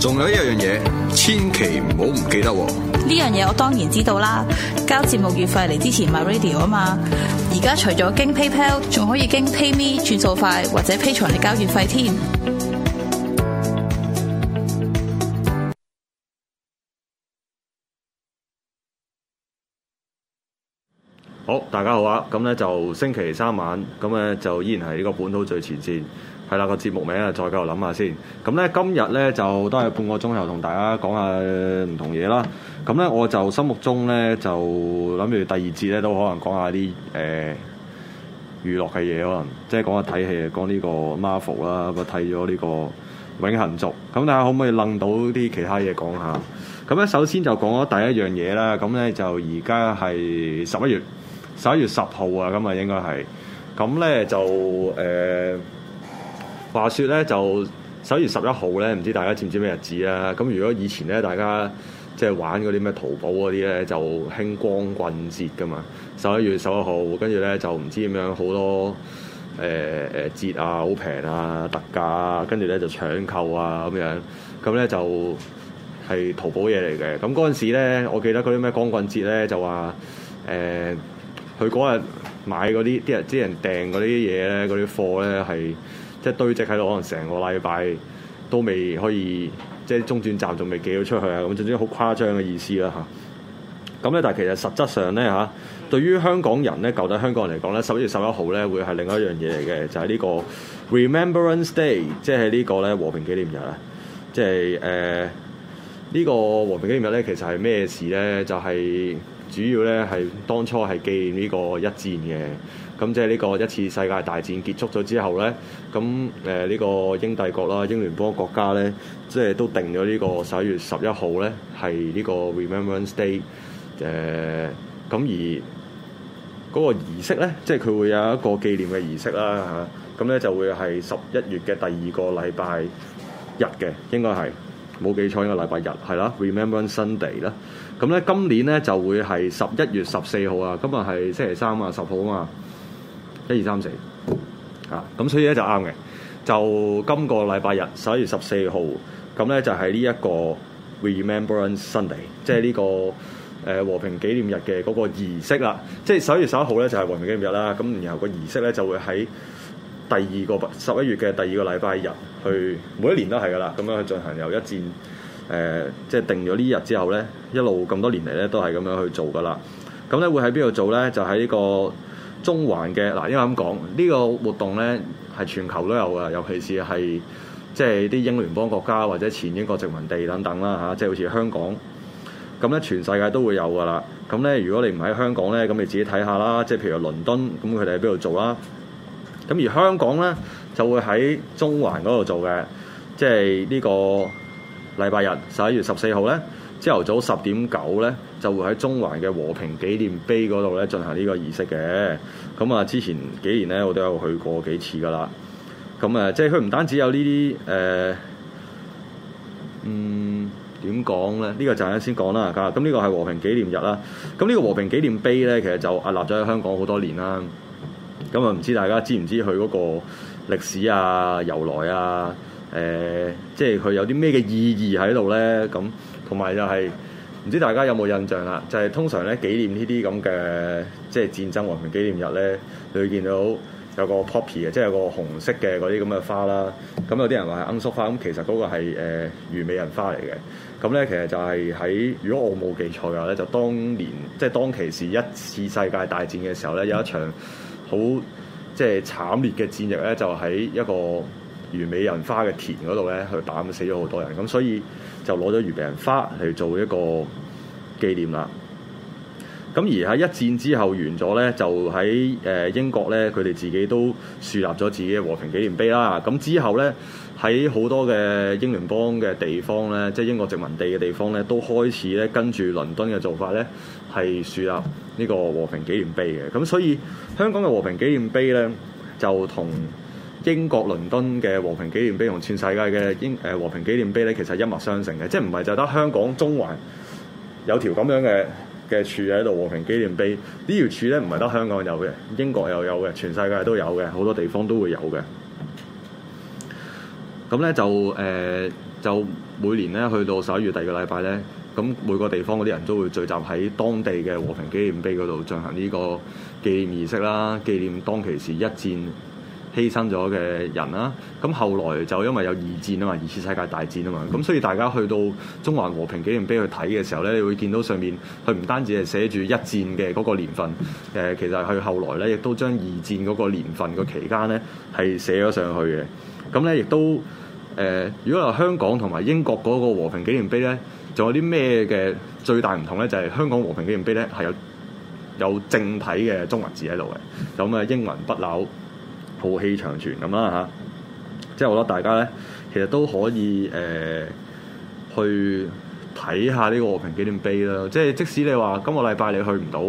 仲有一樣嘢，千祈唔好唔記得喎！呢樣嘢我當然知道啦，交節目月費嚟支持 MyRadio 啊嘛！而家除咗經 PayPal，仲可以經 PayMe 轉數快或者 Patreon 嚟交月費添。好，大家好啊！咁咧就星期三晚，咁咧就依然係呢個本土最前線。係啦，個節目名啊，再繼續諗下先。咁咧，今日咧就都係半個鐘頭同大家講下唔同嘢啦。咁咧，我就心目中咧就諗住第二節咧都可能講下啲誒娛樂嘅嘢，可能即係講下睇戲，講呢個 Marvel 啦，個睇咗呢個《永恆族》。咁大家可唔可以諗到啲其他嘢講下？咁咧，首先就講咗第一樣嘢啦。咁咧就而家係十一月十一月十號啊，咁啊應該係咁咧就誒。話説咧，就十一月十一號咧，唔知大家知唔知咩日子啊？咁如果以前咧，大家即係玩嗰啲咩淘寶嗰啲咧，就興光棍節㗎嘛。十一月十一號，跟住咧就唔知點樣好多誒誒、呃、節啊，好平啊，特價啊，跟住咧就搶購啊咁樣。咁咧就係、是、淘寶嘢嚟嘅。咁嗰陣時咧，我記得嗰啲咩光棍節咧，就話誒，佢嗰日買嗰啲啲人啲人訂嗰啲嘢咧，嗰啲貨咧係。即係堆積喺度，可能成個禮拜都未可以，即係中轉站仲未寄到出去啊！咁總之好誇張嘅意思啦嚇。咁咧，但係其實實質上咧嚇啊，對於香港人咧，舊底香港人嚟講咧，十一月十一號咧會係另一樣嘢嚟嘅，就係呢個 Remembrance Day，即係呢個咧和平紀念日啊。即係誒呢個和平紀念日咧，其實係咩事咧？就係主要咧係當初係紀念呢個一戰嘅。咁即係呢個一次世界大戰結束咗之後咧，咁誒呢個英帝國啦、英聯邦國家咧，即係都定咗呢個十一月十一號咧，係呢個 Remembrance Day 誒。咁而嗰個儀式咧，即係佢會有一個紀念嘅儀式啦嚇。咁咧就會係十一月嘅第二個禮拜日嘅，應該係冇記錯，應該禮拜日係啦。Remembrance Sunday 啦。咁咧今年咧就會係十一月十四號啊，今日係星期三啊，十號啊嘛。一二三四，啊咁所以咧就啱嘅。就，就今個禮拜日十一月十四號，咁咧就係呢一個 Remembrance Sunday，即係呢、這個誒、呃、和平紀念日嘅嗰個儀式啦。即係十一月十一號咧就係、是、和平紀念日啦。咁然後個儀式咧就會喺第二個十一月嘅第二個禮拜日去。每一年都係噶啦，咁樣去進行又一戰誒、呃，即係定咗呢日之後咧，一路咁多年嚟咧都係咁樣去做噶啦。咁咧會喺邊度做咧？就喺呢、這個。中環嘅嗱，應該咁講，呢個活動呢，係全球都有嘅，尤其是係即係啲英聯邦國家或者前英國殖民地等等啦嚇、啊，即係好似香港。咁呢，全世界都會有㗎啦。咁呢，如果你唔喺香港呢，咁你自己睇下啦。即係譬如倫敦，咁佢哋喺邊度做啦？咁而香港呢，就會喺中環嗰度做嘅。即係呢個禮拜日十一月十四號呢。朝頭早十點九咧，就會喺中環嘅和平紀念碑嗰度咧進行呢個儀式嘅。咁啊，之前幾年咧，我都有去過幾次噶啦。咁啊，即係佢唔單止有呢啲誒，嗯點講咧？呢、這個陣間先講啦，咁、嗯、呢、這個係和平紀念日啦。咁呢個和平紀念碑咧，其實就屹立咗喺香港好多年啦。咁啊，唔知大家知唔知佢嗰個歷史啊、由來啊、誒、呃，即係佢有啲咩嘅意義喺度咧？咁同埋就係、是、唔知大家有冇印象啦，就係、是、通常咧紀念呢啲咁嘅即係戰爭和平紀念日咧，你會見到有個 poppy 嘅，即係個紅色嘅嗰啲咁嘅花啦。咁有啲人話係罌粟花，咁其實嗰個係呃、虞美人花嚟嘅。咁咧其實就係喺如果我冇記錯嘅話咧，就當年即係、就是、當其時一次世界大戰嘅時候咧，有一場好即係慘烈嘅戰役咧，就喺一個。虞美人花嘅田嗰度咧，佢打咁死咗好多人，咁所以就攞咗虞美人花去做一個紀念啦。咁而喺一戰之後完咗咧，就喺誒英國咧，佢哋自己都樹立咗自己嘅和平紀念碑啦。咁之後咧，喺好多嘅英聯邦嘅地方咧，即係英國殖民地嘅地方咧，都開始咧跟住倫敦嘅做法咧，係樹立呢個和平紀念碑嘅。咁所以香港嘅和平紀念碑咧，就同。英國倫敦嘅和平紀念碑同全世界嘅英誒和平紀念碑咧，其實一脈相承嘅，即係唔係就得香港中環有條咁樣嘅嘅柱喺度和平紀念碑。呢條柱咧，唔係得香港有嘅，英國又有嘅，全世界都有嘅，好多地方都會有嘅。咁咧就誒就每年咧去到十一月第二個禮拜咧，咁每個地方嗰啲人都會聚集喺當地嘅和平紀念碑嗰度進行呢個紀念儀式啦，紀念當其時一戰。犧牲咗嘅人啦，咁後來就因為有二戰啊嘛，二次世界大戰啊嘛，咁所以大家去到中環和平紀念碑去睇嘅時候咧，你會見到上面佢唔單止係寫住一戰嘅嗰個年份，誒、呃，其實佢後來咧亦都將二戰嗰個年份嘅期間咧係寫咗上去嘅。咁咧亦都誒、呃，如果話香港同埋英國嗰個和平紀念碑咧，仲有啲咩嘅最大唔同咧，就係、係、香港和平紀念碑咧係有有正體嘅中文字喺度嘅，咁啊英文不朽。浩氣長存咁啦嚇，即係我覺得大家咧，其實都可以誒、呃、去睇下呢個和平紀念碑啦。即係即使你話今個禮拜你去唔到，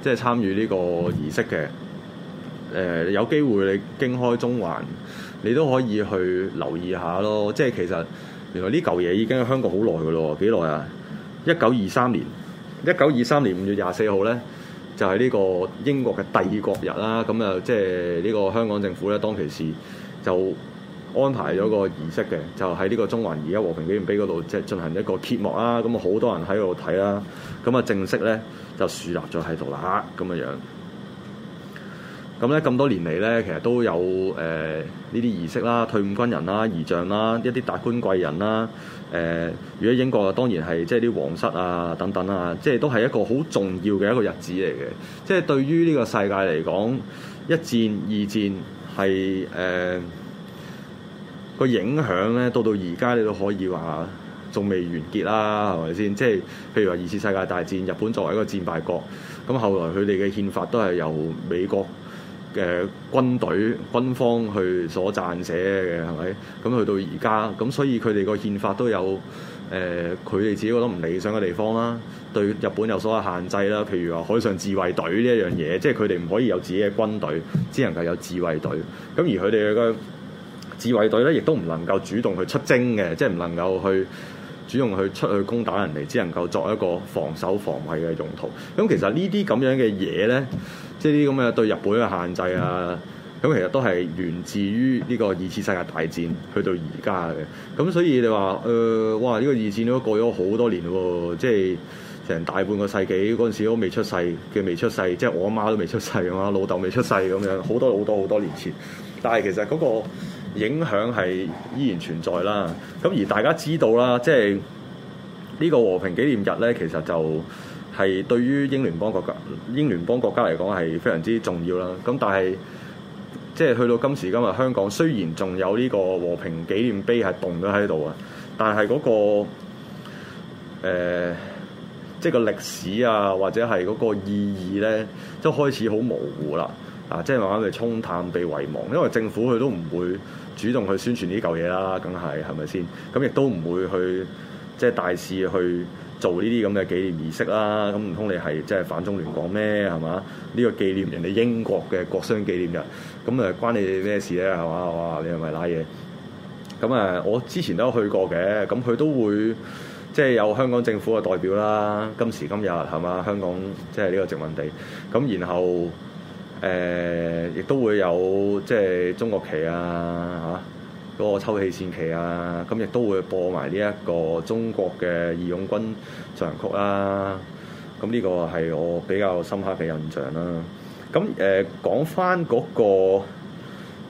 即係參與呢個儀式嘅，誒、呃、有機會你經開中環，你都可以去留意下咯。即係其實原來呢嚿嘢已經喺香港好耐㗎咯，幾耐啊？一九二三年，一九二三年五月廿四號咧。就係呢個英國嘅帝國日啦，咁啊即係呢個香港政府咧，當其時就安排咗個儀式嘅，就喺呢個中環而家和平紀念碑嗰度，即係進行一個揭幕啦。咁啊，好多人喺度睇啦，咁啊正式咧就樹立咗喺度啦，咁嘅樣。咁咧，咁多年嚟咧，其實都有誒呢啲儀式啦、退伍軍人啦、儀仗啦、一啲達官貴人啦，誒、呃，如果英國啊當然係即係啲皇室啊等等啊，即係都係一個好重要嘅一個日子嚟嘅。即係對於呢個世界嚟講，一戰、二戰係誒、呃、個影響咧，到到而家你都可以話仲未完結啦，係咪先？即係譬如話二次世界大戰，日本作為一個戰敗國，咁後來佢哋嘅憲法都係由美國。嘅、呃、軍隊軍方去所撰寫嘅係咪？咁去到而家咁，所以佢哋個憲法都有誒，佢、呃、哋自己覺得唔理想嘅地方啦，對日本有所謂限制啦。譬如話海上自衛隊呢一樣嘢，即係佢哋唔可以有自己嘅軍隊，只能夠有自衛隊。咁而佢哋嘅自衛隊咧，亦都唔能夠主動去出征嘅，即係唔能夠去主動去出去攻打人哋，只能夠作一個防守防衞嘅用途。咁其實這這呢啲咁樣嘅嘢咧。即係啲咁嘅對日本嘅限制啊，咁其實都係源自於呢個二次世界大戰去到而家嘅。咁所以你話，誒、呃，哇！呢個二戰都過咗好多年喎，即係成大半個世紀。嗰陣時都未出世嘅，未出世，即係我阿媽都未出世啊嘛，老豆未出世咁樣，好多好多好多年前。但係其實嗰個影響係依然存在啦。咁而大家知道啦，即係呢個和平紀念日咧，其實就～係對於英聯邦國家，英聯邦國家嚟講係非常之重要啦。咁但係，即係去到今時今日，香港雖然仲有呢個和平紀念碑係棟咗喺度啊，但係嗰個、呃、即係個歷史啊，或者係嗰個意義咧，都開始好模糊啦。啊，即係慢慢沖淡被沖淡、被遺忘。因為政府佢都唔會主動去宣傳呢啲舊嘢啦，梗係係咪先？咁亦都唔會去即係大肆去。做呢啲咁嘅紀念儀式啦，咁唔通你係即係反中亂港咩？係嘛？呢個紀念人哋英國嘅國殤紀念嘅，咁啊關你哋咩事咧？係嘛？我話你係咪拉嘢？咁啊，我之前都有去過嘅，咁佢都會即係有香港政府嘅代表啦。今時今日係嘛？香港即係呢個殖民地，咁然後誒亦都會有即係中國旗啊嚇。啊嗰個抽氣扇旗啊，咁亦都會播埋呢一個中國嘅義勇軍進行曲啦、啊。咁呢個係我比較深刻嘅印象啦、啊。咁誒講翻嗰個、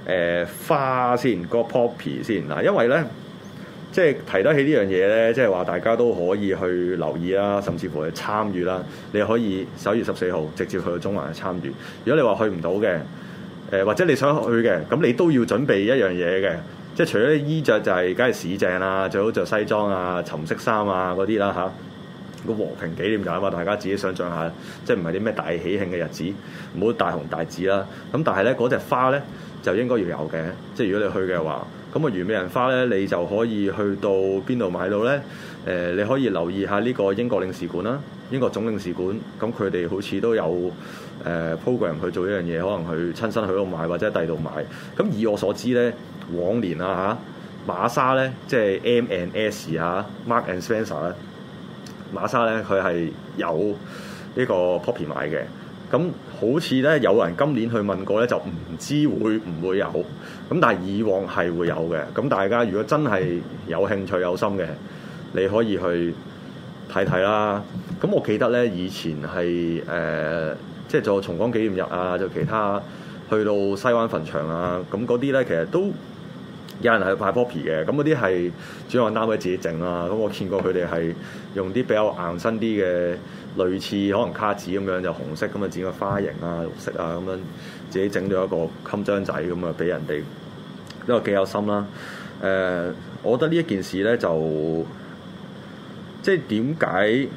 呃、花先，個 poppy 先嗱，因為咧即係提得起呢樣嘢咧，即係話大家都可以去留意啦，甚至乎去參與啦。你可以十一月十四號直接去到中環去參與。如果你話去唔到嘅，誒、呃、或者你想去嘅，咁你都要準備一樣嘢嘅。即係除咗衣着，就係梗係四正啦。最好著西裝啊、深色衫啊嗰啲啦吓，個和平紀念就啊、係、嘛，大家自己想象下，即係唔係啲咩大喜慶嘅日子，唔好大紅大紫啦。咁、啊、但係咧，嗰隻花咧就應該要有嘅。即係如果你去嘅話，咁啊，虞美人花咧，你就可以去到邊度買到咧？誒、呃，你可以留意下呢個英國領事館啦，英國總領事館。咁佢哋好似都有誒、呃、program 去做一樣嘢，可能去親身去到買或者第二度買。咁以我所知咧。往年啊，嚇，馬莎咧，即係 M and S 啊 Mark and Spencer 咧，馬莎咧佢係有呢個 Poppy 買嘅。咁好似咧有人今年去問過咧，就唔知會唔會有。咁但係以往係會有嘅。咁大家如果真係有興趣有心嘅，你可以去睇睇啦。咁我記得咧以前係誒，即、呃、係、就是、做重光紀念日啊，就其他去到西灣墳場啊，咁嗰啲咧其實都～有人係派 poppy 嘅，咁嗰啲係主要我單位自己整啦、啊。咁我見過佢哋係用啲比較硬身啲嘅類似可能卡紙咁樣，就紅色咁啊剪個花型啊、綠色啊咁樣自己整咗一個襟章仔咁啊俾人哋，都幾有心啦、啊。誒、呃，我覺得呢一件事咧就即係點解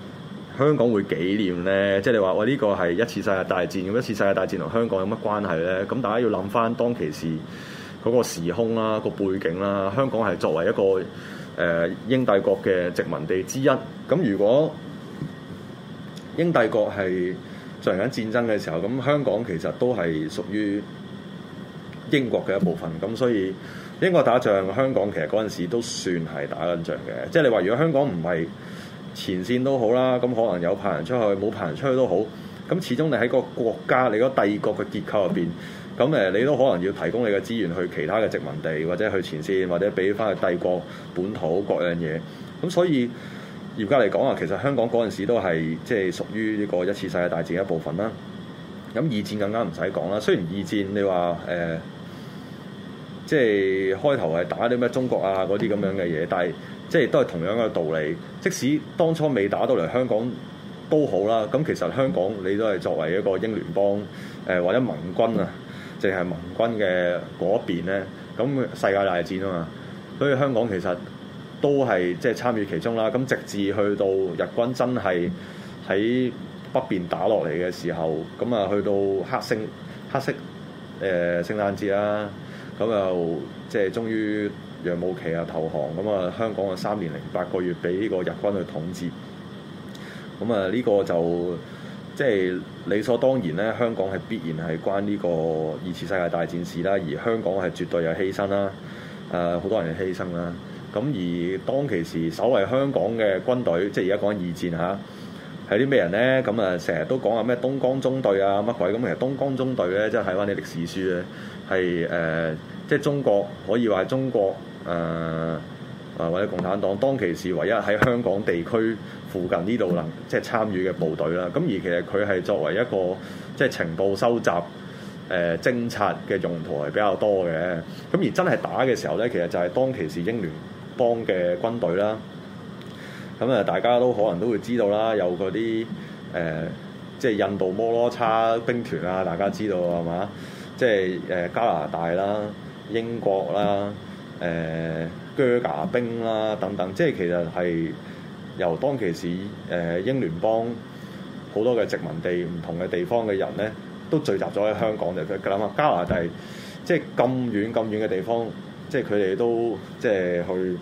香港會紀念咧？即係你話我呢個係一次世界大戰，咁一次世界大戰同香港有乜關係咧？咁大家要諗翻當其時。嗰個時空啦、啊，個背景啦、啊，香港係作為一個誒、呃、英帝國嘅殖民地之一。咁如果英帝國係進行緊戰爭嘅時候，咁香港其實都係屬於英國嘅一部分。咁所以英國打仗，香港其實嗰陣時都算係打緊仗嘅。即係你話，如果香港唔係前線都好啦，咁可能有派人出去，冇派人出去都好。咁始終你喺個國家，你個帝國嘅結構入邊。咁誒，你都可能要提供你嘅資源去其他嘅殖民地，或者去前線，或者俾翻去帝國本土各樣嘢。咁所以嚴格嚟講啊，其實香港嗰陣時都係即係屬於呢個一次世界大戰一部分啦。咁二戰更加唔使講啦。雖然二戰你話誒，即係、呃、就係、開頭係打啲咩中國啊嗰啲咁樣嘅嘢，但係即係都係同樣嘅道理。即使當初未打到嚟香港都好啦。咁其實香港你都係作為一個英聯邦誒、呃、或者盟軍啊。淨係盟軍嘅嗰邊咧，咁世界大戰啊嘛，所以香港其實都係即係參與其中啦。咁直至去到日軍真係喺北邊打落嚟嘅時候，咁啊去到黑星黑色誒、呃、聖誕節啦，咁、啊、又即係、就是、終於楊慕琦啊投降，咁啊香港啊三年零八個月俾呢個日軍去統治，咁啊呢、呢個就～即係理所當然咧，香港係必然係關呢個二次世界大戰事啦，而香港係絕對有犧牲啦。誒、呃，好多人嘅犧牲啦。咁、啊、而當其時，所謂香港嘅軍隊，即係而家講緊二戰吓，係啲咩人咧？咁啊，成日都講下咩東江中隊啊乜鬼咁。其實東江中隊咧，即係睇翻啲歷史書咧，係誒、呃，即係中國可以話係中國誒。呃啊，或者共產黨當其時唯一喺香港地區附近呢度能即係參與嘅部隊啦。咁而其實佢係作為一個即係情報收集、誒、呃、偵察嘅用途係比較多嘅。咁而真係打嘅時候咧，其實就係當其時英聯邦嘅軍隊啦。咁啊，大家都可能都會知道啦，有嗰啲誒，即係印度摩羅差兵團啊，大家知道係嘛？即係誒加拿大啦、英國啦。誒啹喀兵啦，等等，即係其實係由當其時誒、呃、英聯邦好多嘅殖民地唔同嘅地方嘅人咧，都聚集咗喺香港嚟嘅。諗下、嗯、加拿大，即係咁遠咁遠嘅地方，即係佢哋都即係去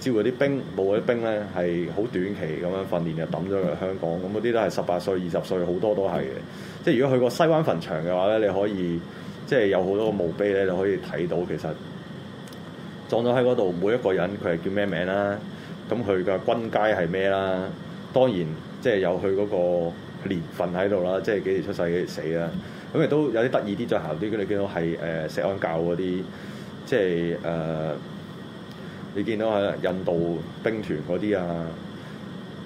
招嗰啲兵，募嗰啲兵咧係好短期咁樣訓練，就抌咗去香港。咁嗰啲都係十八歲、二十歲，好多都係嘅。即係如果去過西灣墳場嘅話咧，你可以即係有好多個墓碑咧，你可以睇到其實。放咗喺嗰度，每一個人佢係叫咩名啦，咁佢嘅軍階係咩啦？當然，即係有佢嗰個年份喺度啦，即係幾時出世幾時死啦。咁亦都有啲得意啲，再鹹啲。咁你見到係誒石安教嗰啲，即係誒你見到係印度兵團嗰啲啊，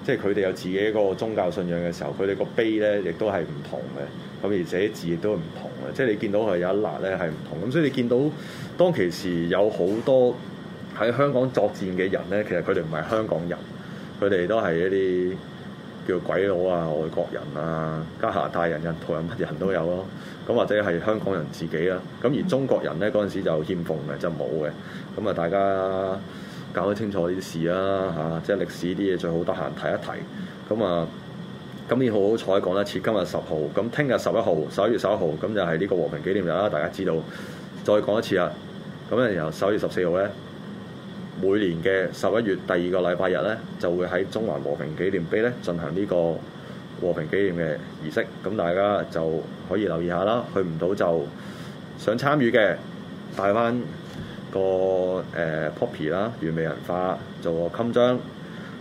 即係佢哋有自己一個宗教信仰嘅時候，佢哋個碑咧亦都係唔同嘅。咁而且字亦都唔同嘅，即係你見到佢有一粒咧係唔同，咁所以你見到當其時有好多喺香港作戰嘅人咧，其實佢哋唔係香港人，佢哋都係一啲叫鬼佬啊、外國人啊、加拿大人、印度人乜人都有咯。咁或者係香港人自己啊。咁而中國人咧嗰陣時就欠奉嘅，就冇嘅。咁啊，大家搞得清楚啲事啦，嚇！即係歷史啲嘢最好得閒睇一睇。咁啊～今年好好彩，講一次，今日十號，咁聽日十一號，十一月十一號，咁就係、是、呢個和平紀念日啦。大家知道，再講一次啊！咁樣由十一月十四號呢，每年嘅十一月第二個禮拜日呢，就會喺中環和平紀念碑呢進行呢個和平紀念嘅儀式。咁大家就可以留意下啦。去唔到就想參與嘅，帶翻個誒 poppy 啦，虞美人花做個襟章、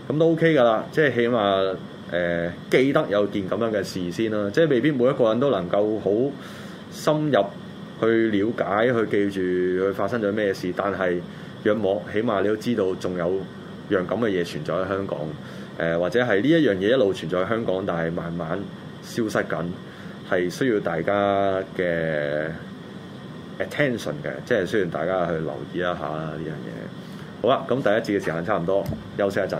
um，咁都 OK 㗎啦。即係起碼。誒、呃、記得有件咁樣嘅事先啦，即係未必每一個人都能夠好深入去了解、去記住佢發生咗咩事。但係約莫，起碼你都知道仲有樣咁嘅嘢存在喺香港。呃、或者係呢一樣嘢一路存在喺香港，但係慢慢消失緊，係需要大家嘅 attention 嘅，即係需要大家去留意一下呢樣嘢。好啦，咁第一節嘅時間差唔多，休息一陣。